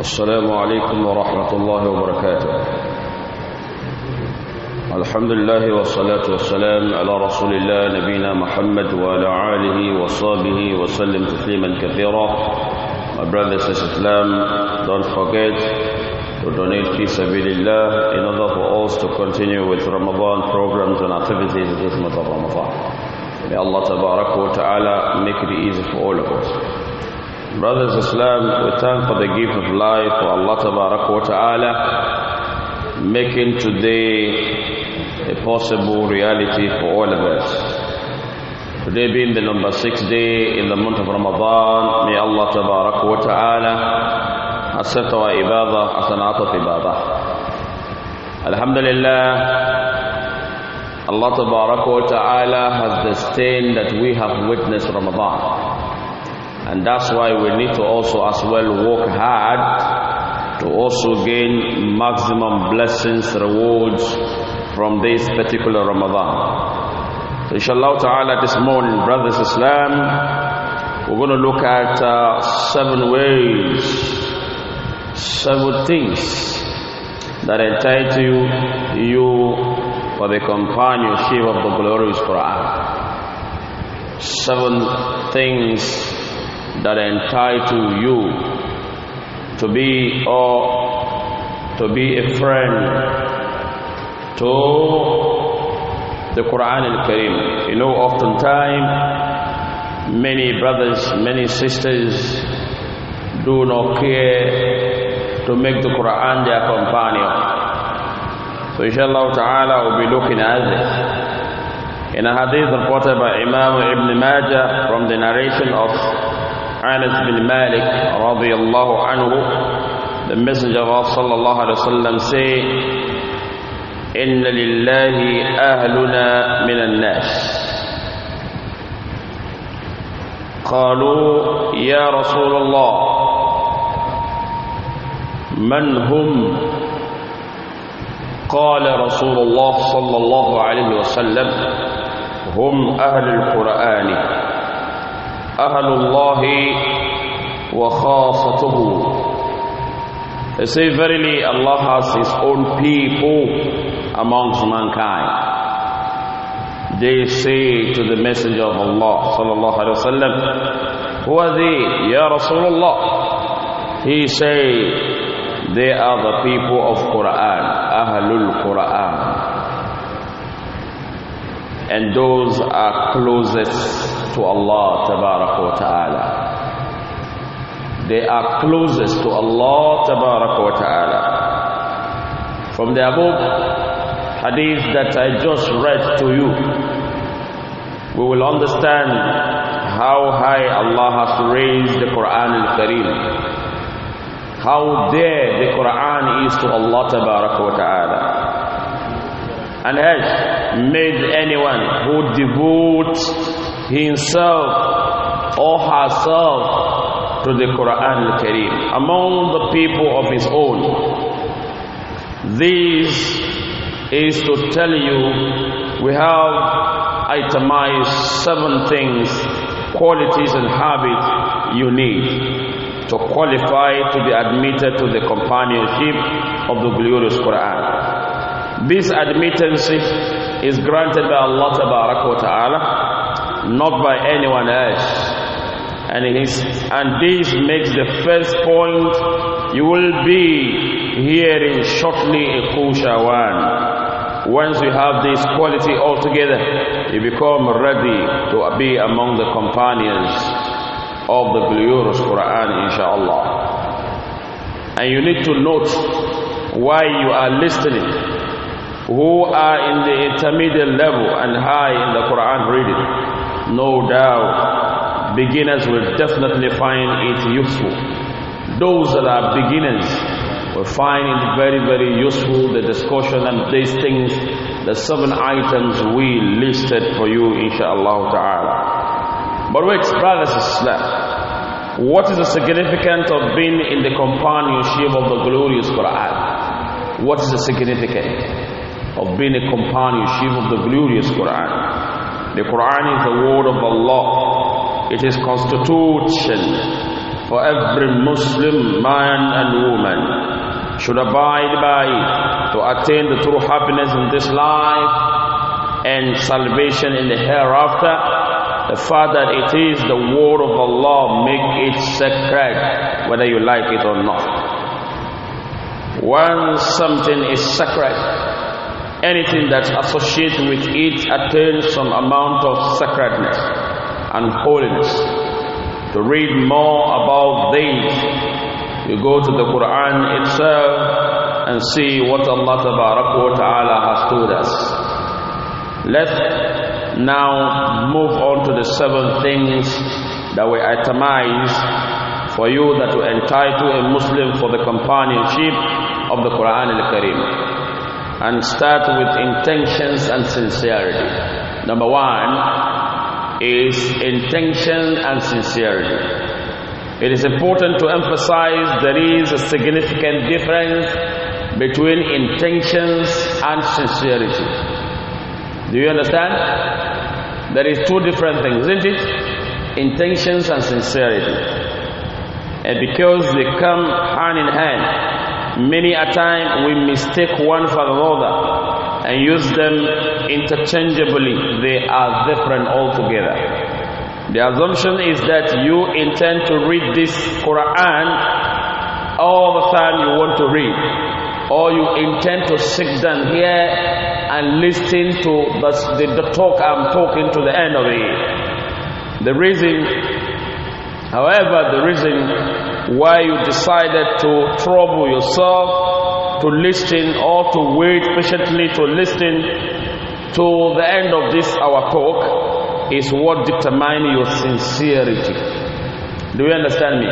السلام عليكم ورحمة الله وبركاته الحمد لله والصلاة والسلام على رسول الله نبينا محمد وعلى آله وصحبه وسلم تسليما كثيرا My brothers in Islam, don't forget to donate fi sabilillah in order for us to continue with Ramadan programs and activities in this month of Ramadan. May Allah Ta'ala make it easy for all of us. Brothers Islam, we thank for the gift of life for Allah wa Ta'ala making today a possible reality for all of us. Today being the number six day in the month of Ramadan, may Allah wa Ta'ala accept our ibadah as an act of ibadah. Alhamdulillah, Allah wa Ta'ala has the stain that we have witnessed Ramadan. And that's why we need to also as well work hard to also gain maximum blessings, rewards from this particular Ramadan. So inshallah ta'ala this morning, brothers Islam, we're going to look at uh, seven ways, seven things that entitle you for the companionship of the glorious Quran. Seven things that entitle you to be or to be a friend to the Quran and karim You know, oftentimes many brothers, many sisters do not care to make the Quran their companion. So inshallah ta'ala we'll be looking at this. In a hadith reported by Imam Ibn Majah from the narration of Anas bin Malik radiallahu anhu, the Messenger of Allah sallallahu alayhi wa sallam say, إِنَّ لِلَّهِ أَهْلُنَا مِنَ النَّاسِ قالوا يا رسول الله من هم قال رسول الله صلى الله عليه وسلم هم أهل القرآن أهل الله وخاصته They say verily Allah has his own people amongst mankind They say to the messenger of Allah sallallahu alaihi wasallam Who are they? Ya Rasulullah He say They are the people of Quran Ahlul Quran and those are closest to Allah Ta'ala. They are closest to Allah Ta'ala. From the above hadith that I just read to you, we will understand how high Allah has raised the Quran al-Karim how dear the Quran is to Allah Ta'ala. And has made anyone who devotes himself or herself to the Quran al among the people of his own. This is to tell you we have itemized seven things, qualities and habits you need to qualify to be admitted to the companionship of the glorious Quran. This admittance is granted by Allah Ta'ala not by anyone else. And, his, and this makes the first point you will be hearing shortly in shahwan. Once you have this quality altogether, you become ready to be among the companions of the glorious Quran, inshallah. And you need to note why you are listening who are in the intermediate level and high in the Quran reading. No doubt, beginners will definitely find it useful. Those that are beginners will find it very, very useful, the discussion and these things, the seven items we listed for you, inshallah ta'ala. But wait, brothers Islam, what is the significance of being in the companionship of the glorious Quran? What is the significance of being a companionship of the glorious Quran? The Quran is the word of Allah. It is constitution for every Muslim man and woman should abide by it to attain the true happiness in this life and salvation in the hereafter. The fact that it is the word of Allah make it sacred whether you like it or not. Once something is sacred, anything that's associated with it attains some amount of sacredness and holiness. To read more about these, you go to the Quran itself and see what Allah Ta'ala has told us. Let's now move on to the seven things that we itemize for you that will entitle a Muslim for the companionship of the Quran al-Karim and start with intentions and sincerity. Number one is intention and sincerity. It is important to emphasize there is a significant difference between intentions and sincerity. Do you understand? There is two different things, isn't it? Intentions and sincerity. And because they come hand in hand, Many a time we mistake one for the other and use them interchangeably. They are different altogether. The assumption is that you intend to read this Quran all the time you want to read, or you intend to sit down here and listen to the, the, the talk I'm talking to the end of it. The reason, however, the reason why you decided to trouble yourself to listen or to wait patiently to listen to the end of this our talk is what determine your sincerity. Do you understand me?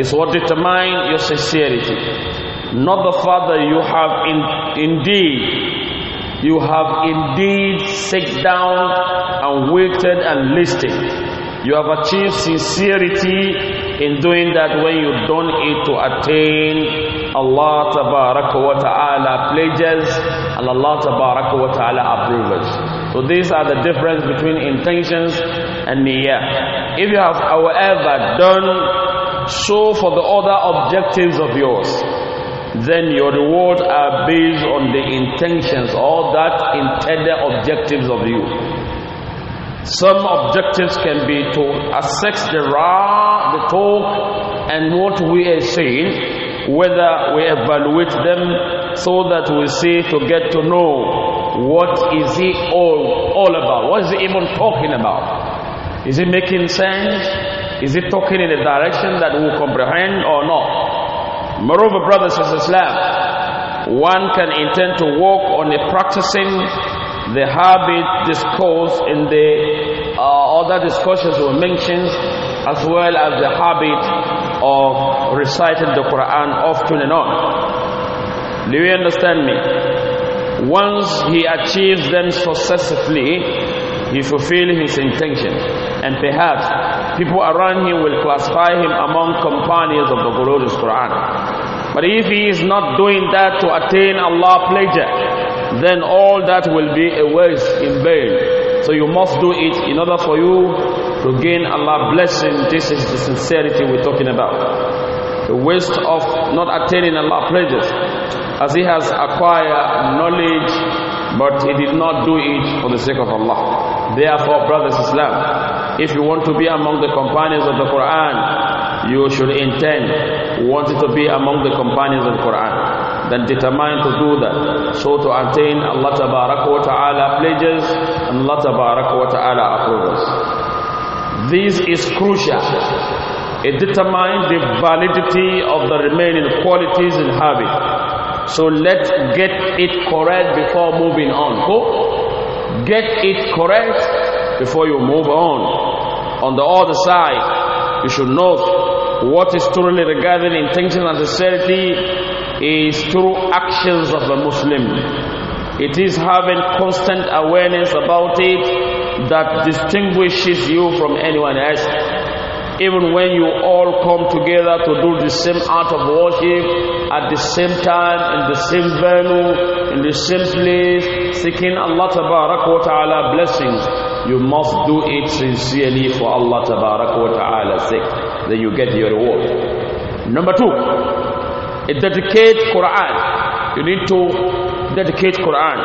It's what determine your sincerity. Not the fact that you have in, indeed, you have indeed sat down and waited and listened. You have achieved sincerity in doing that when you don't it to attain Allah wa ta'ala pledges and Allah wa ta'ala approves. So these are the difference between intentions and niyyah. If you have however done so for the other objectives of yours, then your rewards are based on the intentions or that intended objectives of you. Some objectives can be to assess the raw, the talk, and what we are saying, whether we evaluate them so that we see to get to know what is he all, all about. What is he even talking about? Is it making sense? Is it talking in a direction that we comprehend or not? Moreover, brothers and sisters, one can intend to walk on a practicing the habit discussed in the uh, other discussions were mentions as well as the habit of reciting the Quran often and on. Do you understand me? Once he achieves them successfully, he fulfills his intention. And perhaps people around him will classify him among companions of the glorious Quran. But if he is not doing that to attain Allah's pleasure, then all that will be a waste in vain. So you must do it in order for you to gain Allah's blessing. This is the sincerity we're talking about. The waste of not attaining Allah's pleasures, as he has acquired knowledge, but he did not do it for the sake of Allah. Therefore, brothers Islam, if you want to be among the companions of the Quran, you should intend wanting to be among the companions of the Quran. Then determine to do that. So to attain Allah wa ta'ala pledges and Allah wa ta'ala approves. This is crucial. It determines the validity of the remaining qualities in habit. So let's get it correct before moving on. Go. Get it correct before you move on. On the other side, you should know what is truly regarding intention and sincerity is through actions of a Muslim. It is having constant awareness about it that distinguishes you from anyone else. Even when you all come together to do the same art of worship at the same time, in the same venue, in the same place, seeking Allah Ta'ala blessings, you must do it sincerely for Allah Ta'ala's sake. Then you get your reward. Number two, dedicate Quran. You need to dedicate Quran.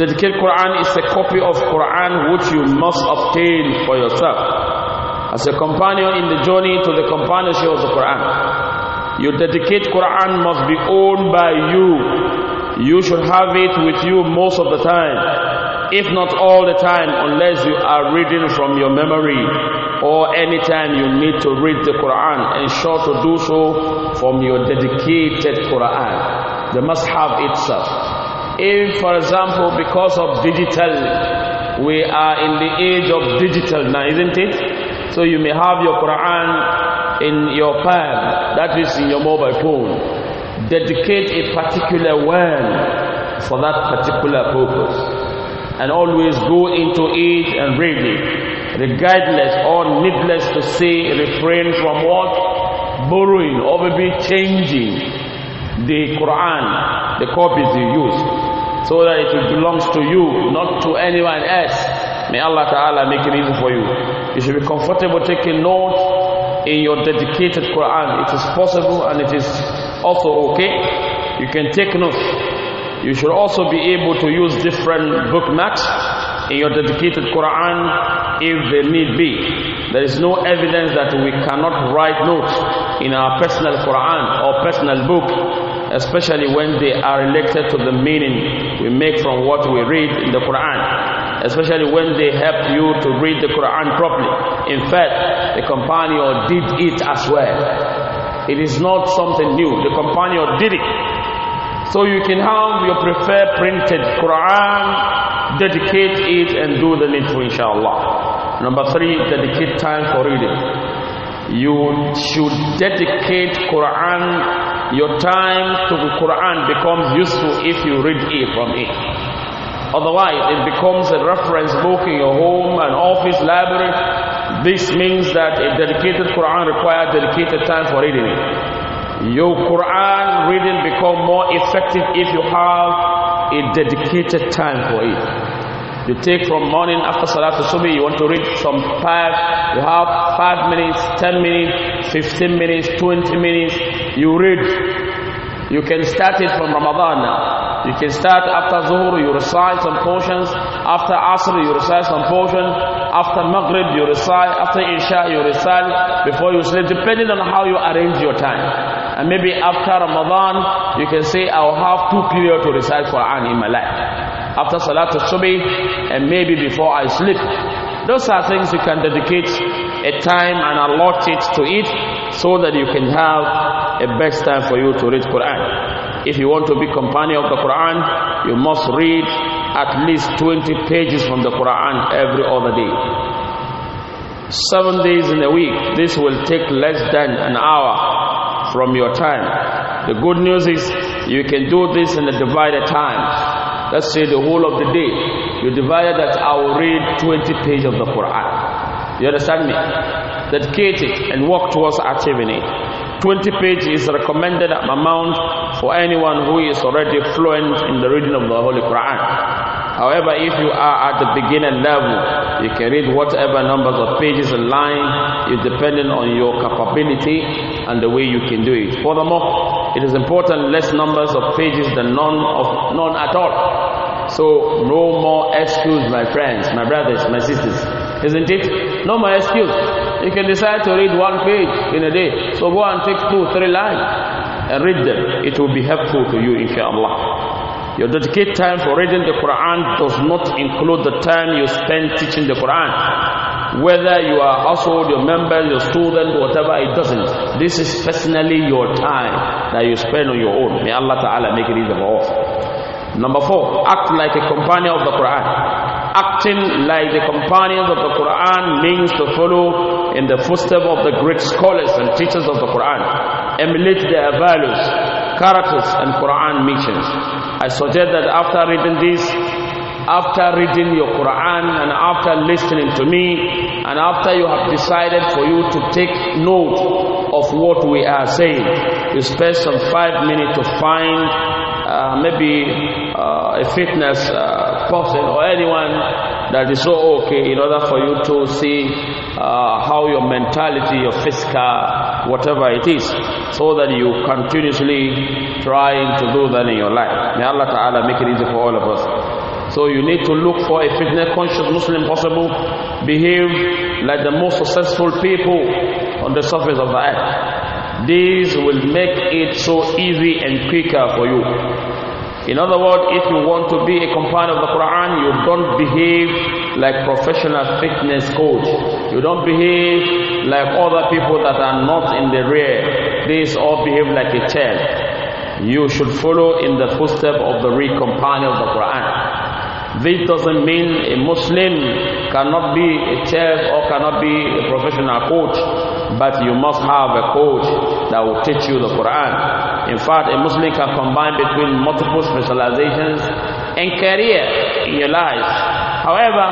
Dedicate Quran is a copy of Quran which you must obtain for yourself. As a companion in the journey to the companionship of the Quran. Your dedicate Quran must be owned by you. You should have it with you most of the time, if not all the time, unless you are reading from your memory or anytime you need to read the Quran, ensure to do so from your dedicated Quran, the it. itself. If, for example, because of digital, we are in the age of digital now, isn't it? So you may have your Quran in your palm, that is in your mobile phone. Dedicate a particular one for that particular purpose. And always go into it and read it regardless or needless to say, refrain from what? Borrowing or maybe changing the Quran, the copies you use, so that it belongs to you, not to anyone else. May Allah Ta'ala make it easy for you. You should be comfortable taking notes in your dedicated Quran. It is possible and it is also okay. You can take notes. You should also be able to use different bookmarks in your dedicated Quran if they need be. There is no evidence that we cannot write notes in our personal Quran or personal book, especially when they are related to the meaning we make from what we read in the Quran, especially when they help you to read the Quran properly. In fact, the companion did it as well. It is not something new. The companion did it. So you can have your preferred printed Quran, dedicate it, and do the needful, inshallah. Number three, dedicate time for reading. You should dedicate Quran, your time to Quran becomes useful if you read it from it. Otherwise, it becomes a reference book in your home, an office, library. This means that a dedicated Quran requires dedicated time for reading it. Your Quran reading become more effective if you have a dedicated time for it. You take from morning after Salat Subi, you want to read from 5, you have 5 minutes, 10 minutes, 15 minutes, 20 minutes. You read. You can start it from Ramadan now. You can start after Zuhr, you recite some portions. After Asr, you recite some portions. After Maghrib, you recite. After Isha, you recite before you sleep, depending on how you arrange your time. And maybe after Ramadan, you can say, I'll have two periods to recite Quran in my life after salat Subhi, and maybe before I sleep. Those are things you can dedicate a time and allot it to it so that you can have a best time for you to read Quran. If you want to be companion of the Quran, you must read at least 20 pages from the Quran every other day. Seven days in a week, this will take less than an hour from your time. The good news is you can do this in a divided time let's say the whole of the day, you divide that I will read 20 pages of the Quran. You understand me? Dedicate it and work towards achieving it. 20 pages is recommended amount for anyone who is already fluent in the reading of the Holy Quran. However, if you are at the beginner level, you can read whatever numbers of pages a line is depending on your capability and the way you can do it. Furthermore, it is important less numbers of pages than none of none at all. So no more excuse, my friends, my brothers, my sisters. Isn't it? No more excuse. You can decide to read one page in a day. So go and take two, three lines and read them. It will be helpful to you, inshallah. Your dedicated time for reading the Quran does not include the time you spend teaching the Quran. Whether you are household, your member, your student, whatever, it doesn't. This is personally your time that you spend on your own. May Allah Ta'ala make it easy for us. Number four, act like a companion of the Quran. Acting like the companions of the Quran means to follow in the footsteps of the great scholars and teachers of the Quran. Emulate their values, characters, and Quran missions. I suggest that after reading this, after reading your Quran and after listening to me and after you have decided for you to take note of what we are saying. You spend some five minutes to find uh, maybe uh, a fitness uh, person or anyone that is so okay in order for you to see uh, how your mentality, your physical, whatever it is, so that you continuously trying to do that in your life. May Allah Ta'ala make it easy for all of us. So you need to look for a fitness conscious Muslim possible. Behave like the most successful people on the surface of the earth. This will make it so easy and quicker for you. In other words, if you want to be a companion of the Quran, you don't behave like professional fitness coach. You don't behave like other people that are not in the rear. These all behave like a child. You should follow in the footsteps of the real companion of the Quran. This doesn't mean a Muslim cannot be a chef or cannot be a professional coach, but you must have a coach that will teach you the Quran. In fact, a Muslim can combine between multiple specializations and career in your life. However,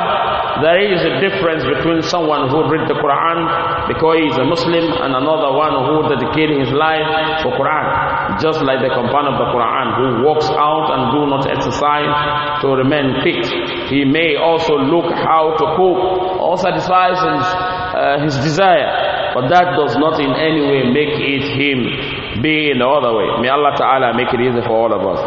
there is a difference between someone who read the Quran because he is a Muslim and another one who dedicated his life for Quran. Just like the companion of the Quran who walks out and do not exercise to remain fit. He may also look how to cook or satisfy his, uh, his desire. But that does not in any way make it him be in the other way. May Allah Ta'ala make it easy for all of us.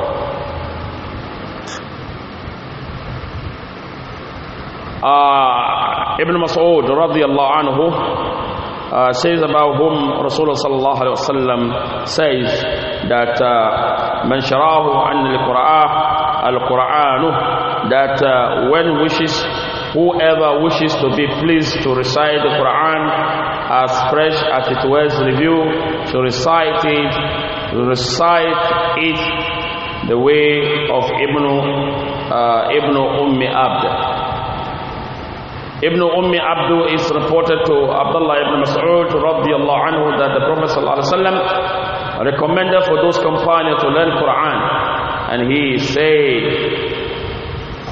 Uh, Ibn Mas'ud radiallahu anhu uh, says about whom Rasulullah sallallahu alaihi wasallam says that uh, man sharahu an al-Qur'an al-Qur'an that uh, when wishes whoever wishes to be pleased to recite the Quran as fresh as it was reviewed to recite it recite it the way of Ibn uh, Ibn Ummi Abd Ibn Ummi Abdu is reported to Abdullah ibn Mas'ud radiallahu anhu that the Prophet sallallahu recommended for those companions to learn Quran and he said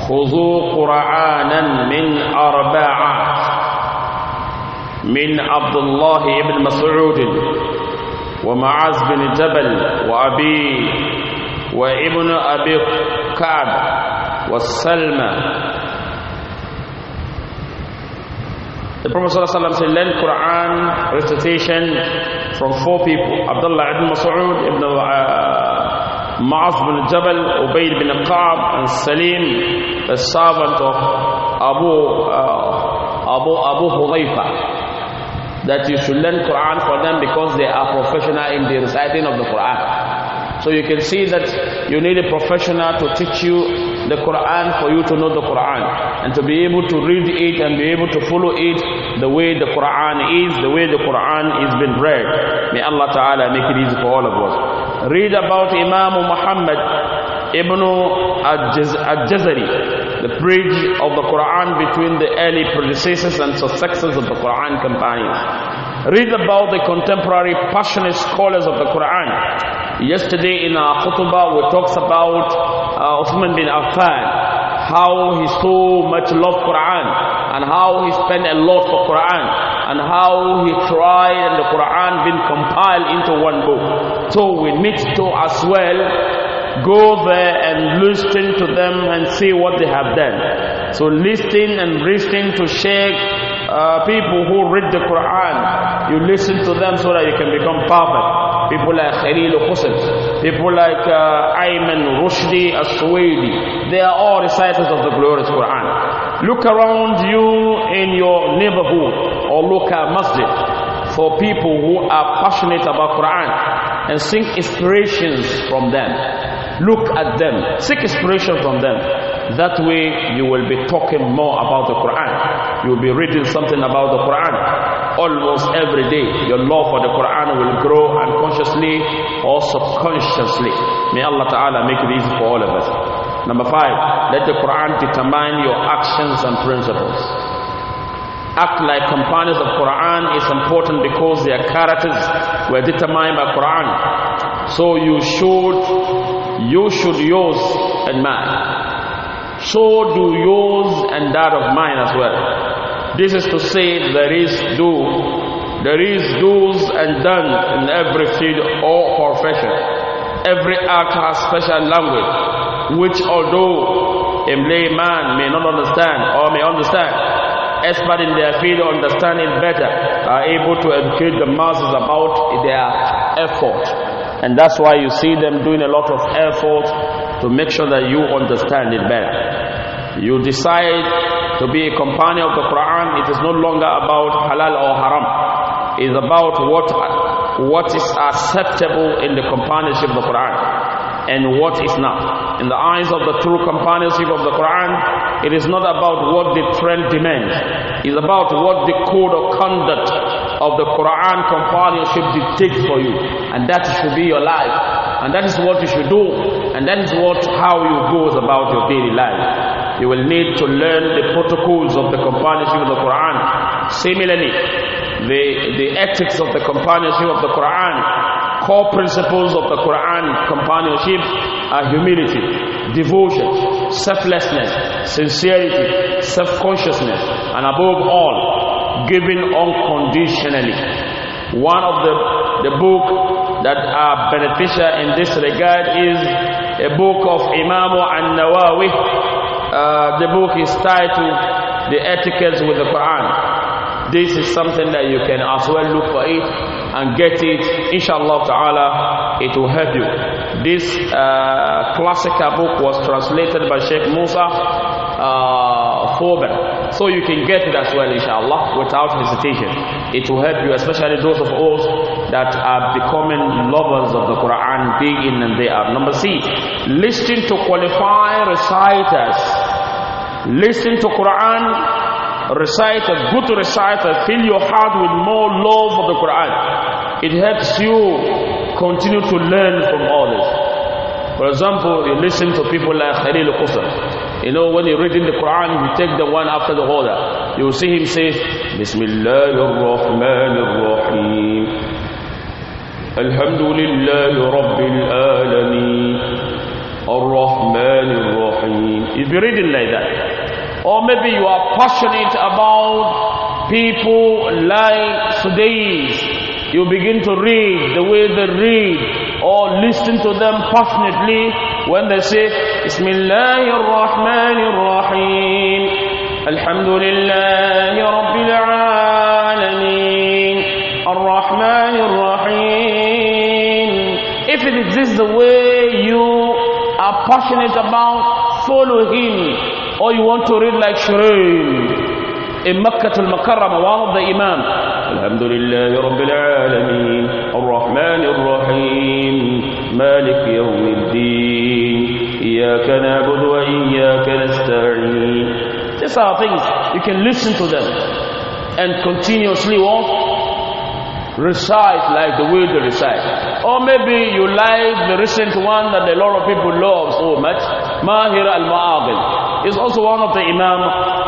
خذوا قرآنا من أربعة من عبد الله ابن مسعود ومعاذ بن جبل وأبي وابن أبي كعب والسلمة The Prophet ﷺ said, learn Quran recitation from four people. Abdullah ibn Mas'ud, ibn uh, Ma'az bin Jabal, Ubayd bin Qab, and Salim, the servant of Abu, uh, Abu, Abu Hudayfa. That you should learn Quran for them because they are professional in the reciting of the Quran. So you can see that you need a professional to teach you the Quran for you to know the Quran and to be able to read it and be able to follow it the way the Quran is, the way the Quran is being read. May Allah Ta'ala make it easy for all of us. Read about Imam Muhammad Ibn al-Jazari, the bridge of the Quran between the early predecessors and successors of the Quran companions. Read about the contemporary passionate scholars of the Quran. Yesterday in our khutbah we talked about uh, Uthman bin Affan, how he so much loved Quran and how he spent a lot for Quran and how he tried and the Quran been compiled into one book. So we need to as well go there and listen to them and see what they have done. So listen and listen to Sheikh uh, people who read the Quran. You listen to them so that you can become perfect people like Khalil Qusat, people like uh, Ayman Rushdi Aswadi. They are all reciters of the glorious Quran. Look around you in your neighborhood or local masjid for people who are passionate about Quran and seek inspirations from them. Look at them, seek inspiration from them. That way you will be talking more about the Quran. You will be reading something about the Quran almost every day. Your love for the Quran will grow unconsciously or subconsciously. May Allah Ta'ala make it easy for all of us. Number five, let the Quran determine your actions and principles. Act like companions of Quran is important because their characters were determined by Quran. So you should you should yours and mine. So do yours and that of mine as well. This is to say there is do. There is do's and done in every field or profession. Every act has special language, which although a layman may not understand or may understand, experts in their field understand it better, are able to educate the masses about their effort. And that's why you see them doing a lot of effort to make sure that you understand it better. You decide to be a companion of the Quran, it is no longer about halal or haram. It is about what, what is acceptable in the companionship of the Quran and what is not. In the eyes of the true companionship of the Quran, it is not about what the trend demands. It is about what the code of conduct of the Quran companionship dictates for you. And that should be your life. And that is what you should do. And that is what how you go about your daily life you will need to learn the protocols of the companionship of the Quran. Similarly, the, the ethics of the companionship of the Quran, core principles of the Quran companionship are humility, devotion, selflessness, sincerity, self consciousness, and above all, giving unconditionally. One of the, the book that are beneficial in this regard is a book of Imam al-Nawawi uh, the book is titled The Etiquettes with the Quran. This is something that you can as well look for it and get it. Inshallah ta'ala, it will help you. This uh, classical book was translated by Sheikh Musa uh, them, So you can get it as well, inshallah, without hesitation. It will help you, especially those of us that are becoming lovers of the Quran being in and they are Number six, listening to qualified reciters. Listen to Quran reciters, good reciters. Fill your heart with more love for the Quran. It helps you continue to learn from others. For example, you listen to people like Khalil Qusr. You know, when you're reading the Quran, you take the one after the other. You will see him say, Bismillahir Rahmanir Rahim. الحمد لله رب العالمين الرحمن الرحيم if you read it like that or maybe you are passionate about people like today's you begin to read the way they read or listen to them passionately when they say بسم الله الرحمن الرحيم الحمد لله رب العالمين الرحمن الرحيم is this the way you are passionate about? Follow him. Or you want to read like Shireen in Makkah al-Makarramah, one of the Imam. الحمد rahman رب rahim Malik الرحيم مالك يوم الدين إياك نعبد وإياك نستعين These are things you can listen to them and continuously walk recite like the way they recite. Or maybe you like the recent one that a lot of people love so much, Mahir al-Ma'agil. is also one of the Imam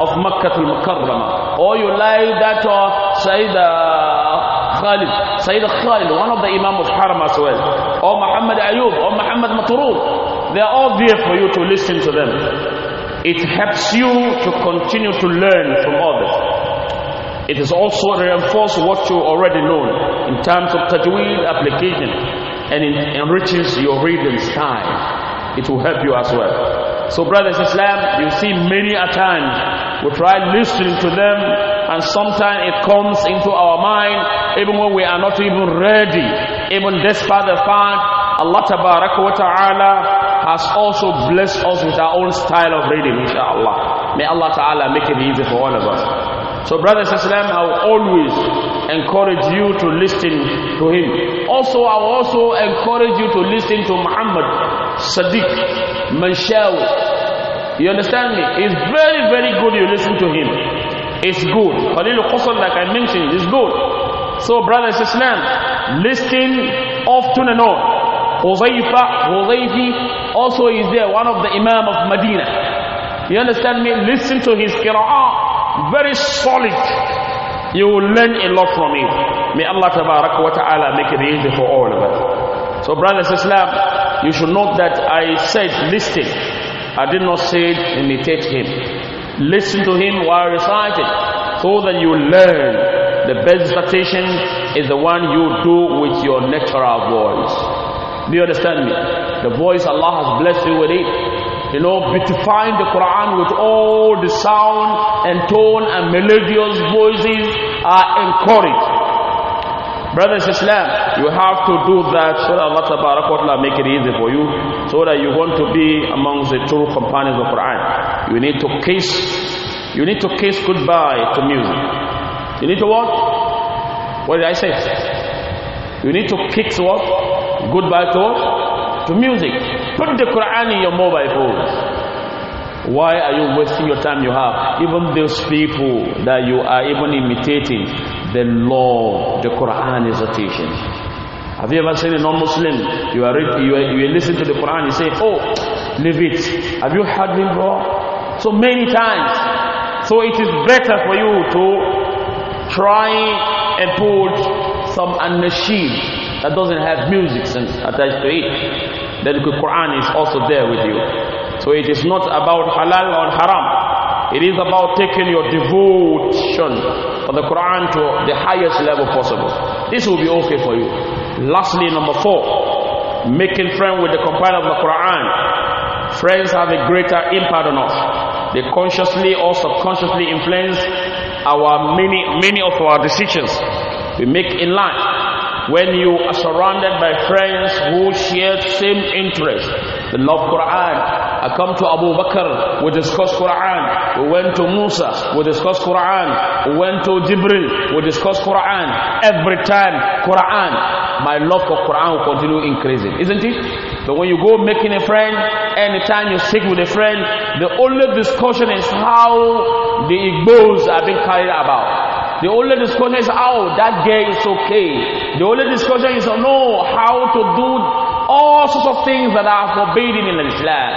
of Makkah al-Mukarramah. Or you like that of uh, Sayyid uh, Khalid, Sayyid Khalid, one of the Imam of Haram as well. Or Muhammad Ayub, or Muhammad Maturud. They are all there for you to listen to them. It helps you to continue to learn from others. It is also reinforced what you already know in terms of tajweed application and it enriches your reading style. It will help you as well. So, brothers Islam, you see many a time we try listening to them and sometimes it comes into our mind even when we are not even ready, even despite the fact Allah wa ta'ala has also blessed us with our own style of reading, inshallah. May Allah Ta'ala make it easy for all of us. So, brothers and sisters, I will always encourage you to listen to him. Also, I will also encourage you to listen to Muhammad Sadiq Manshawi. You understand me? It's very, very good you listen to him. It's good. Khalil Qasr, like I mentioned, is good. So, brothers and sisters, listen often and often. Huzaifa, Huzaifi also is there, one of the Imam of Medina. You understand me? Listen to his qira'ah very solid. You will learn a lot from it. May Allah wa ta'ala make it easy for all of us. So, brothers and sisters, you should note that I said listen. I did not say imitate him. Listen to him while reciting so that you learn. The best recitation is the one you do with your natural voice. Do you understand me? The voice Allah has blessed you with it you know, beautifying the Quran with all the sound and tone and melodious voices are encouraged. Brothers Islam, you have to do that so that Allah Ta'ala make it easy for you, so that you want to be amongst the true companions of Quran. You need to kiss, you need to kiss goodbye to music. You need to what? What did I say? You need to kiss what? Goodbye to what? To music. Put the Quran in your mobile phones. Why are you wasting your time you have? Even those people that you are even imitating, the law, the Quran is a teaching. Have you ever seen a non-Muslim? You are, you are you listen to the Quran, you say, "Oh, leave it." Have you heard me, bro? So many times. So it is better for you to try and put some anashid that doesn't have music attached to it. That the Quran is also there with you. So it is not about halal or haram. It is about taking your devotion for the Quran to the highest level possible. This will be okay for you. Lastly, number four, making friends with the compiler of the Quran. Friends have a greater impact on us. They consciously or subconsciously influence our many many of our decisions we make in life when you are surrounded by friends who share same interest. the love Quran. I come to Abu Bakr, we discuss Quran. We went to Musa, we discuss Quran. We went to Jibril, we discuss Quran. Every time, Quran. My love for Quran will continue increasing, isn't it? But when you go making a friend, anytime you sit with a friend, the only discussion is how the Igbos are being carried about the only discussion is how oh, that girl is okay. The only discussion is no how to do all sorts of things that are forbidden in Islam.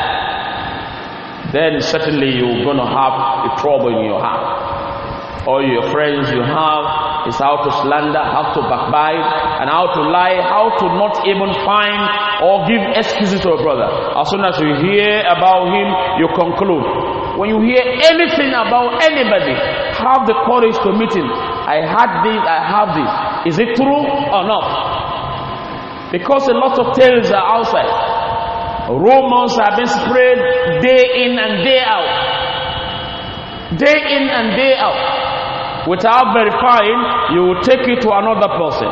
Then certainly you're gonna have a trouble in your heart. All your friends you have is how to slander, how to backbite, and how to lie, how to not even find or give excuses to a brother. As soon as you hear about him, you conclude when you hear anything about anybody, have the courage to meet him. I had this, I have this. Is it true or not? Because a lot of tales are outside. Rumors have been spread day in and day out. Day in and day out. Without verifying, you will take it to another person.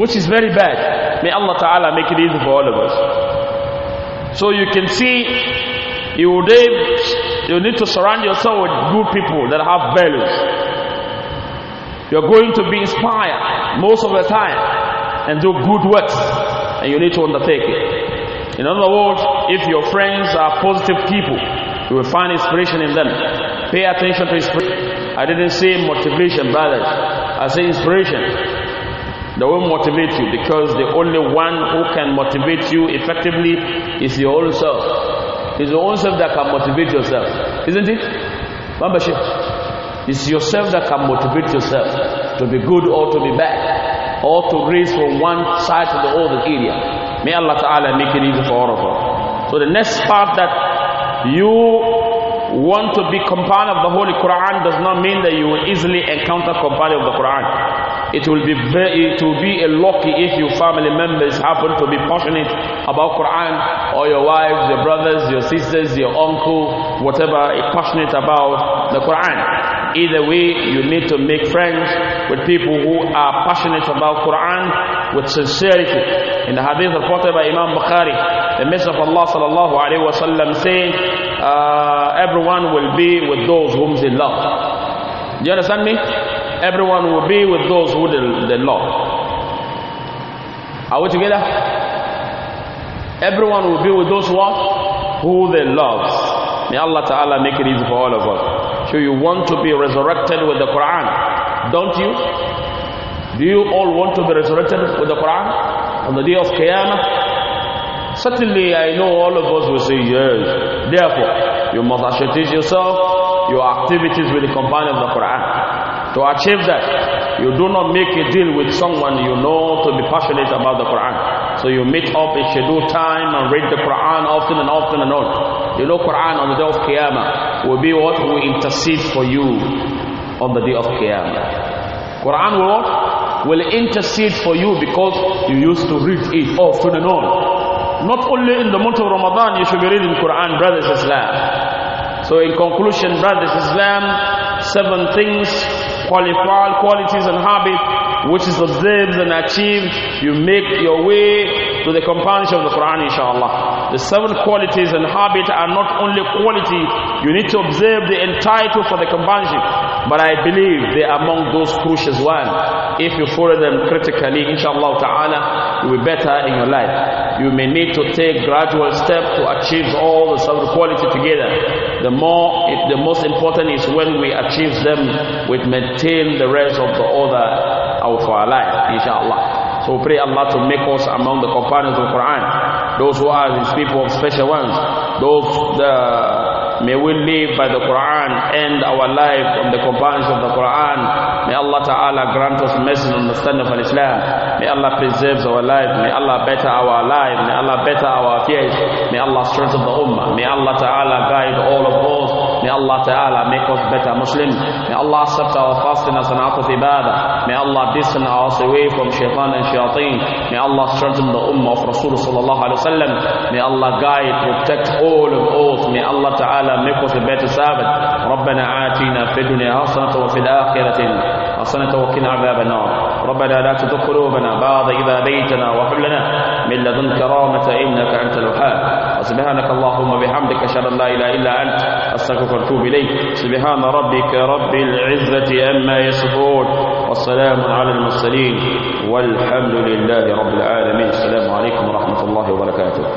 Which is very bad. May Allah Ta'ala make it easy for all of us. So you can see you would eh, you need to surround yourself with good people that have values. You're going to be inspired most of the time and do good works and you need to undertake it. In other words, if your friends are positive people, you will find inspiration in them. Pay attention to inspiration. I didn't say motivation, brothers. I say inspiration they will motivate you because the only one who can motivate you effectively is your own self. It's your own self that can motivate yourself, isn't it? Membership. It's yourself that can motivate yourself to be good or to be bad, or to raise from one side to the other area. May Allah Ta'ala make it easy for all of us. So the next part that you want to be companion of the Holy Quran does not mean that you will easily encounter companion of the Quran. It will be very, it will be a lucky if your family members happen to be passionate about Quran or your wives, your brothers, your sisters, your uncle, whatever is passionate about the Quran. Either way, you need to make friends with people who are passionate about Quran with sincerity. In the hadith reported by Imam Bukhari, the Messenger of Allah sallallahu alaihi wasallam saying, uh, "Everyone will be with those whom they love." Do you understand me? everyone will be with those who they, they love. Are we together? Everyone will be with those who, are, who they love. May Allah Ta'ala make it easy for all of us. So you want to be resurrected with the Quran, don't you? Do you all want to be resurrected with the Quran on the day of Qiyamah? Certainly, I know all of us will say yes. Therefore, you must associate yourself, your activities with the companion of the Quran. To achieve that, you do not make a deal with someone you know to be passionate about the Quran. So you meet up in schedule time and read the Quran often and often and on. You know Quran on the day of Qiyamah will be what will intercede for you on the day of Qiyamah. Quran will Will intercede for you because you used to read it often and on. Not only in the month of Ramadan you should be reading Quran, brothers Islam. So in conclusion, brothers Islam, seven things qualified qualities and habits which is observed and achieved, you make your way to the companionship of the Quran, inshallah. The seven qualities and habits are not only quality, you need to observe the entire for the companionship. But I believe they're among those crucial ones. If you follow them critically, inshallah ta'ala, you will be better in your life. You may need to take gradual steps to achieve all the self quality together. The more, it, the most important is when we achieve them, we maintain the rest of the order of our life, inshallah. So pray Allah to make us among the companions of the Quran, those who are his people of special ones, those the May we live by the Quran, end our life from the companions of the Quran. May Allah Ta'ala grant us mercy and understanding of Islam. May Allah preserve our life. May Allah better our life. May Allah better our affairs. May Allah strengthen the Ummah. May Allah Ta'ala guide all of us May Allah Ta'ala make us better Muslims. May Allah accept our fasting as an act of ibadah. May Allah distance us away from shaitan and shayateen. May Allah strengthen the ummah of Rasul Sallallahu Alaihi Wasallam. May Allah guide, protect all of us. May Allah Ta'ala make us a better servant. ربنا آتنا في الدنيا حسنة وفي الآخرة حسنة وقنا عذاب النار ربنا لا تزغ قلوبنا بعد إذا بيتنا وهب لنا من لدنك رحمة إنك أنت الوهاب سبحانك اللهم وبحمدك أشهد أن لا إله إلا أنت أستغفرك وأتوب إليك سبحان ربك رب العزة أما يصفون والسلام على المرسلين والحمد لله رب العالمين السلام عليكم ورحمة الله وبركاته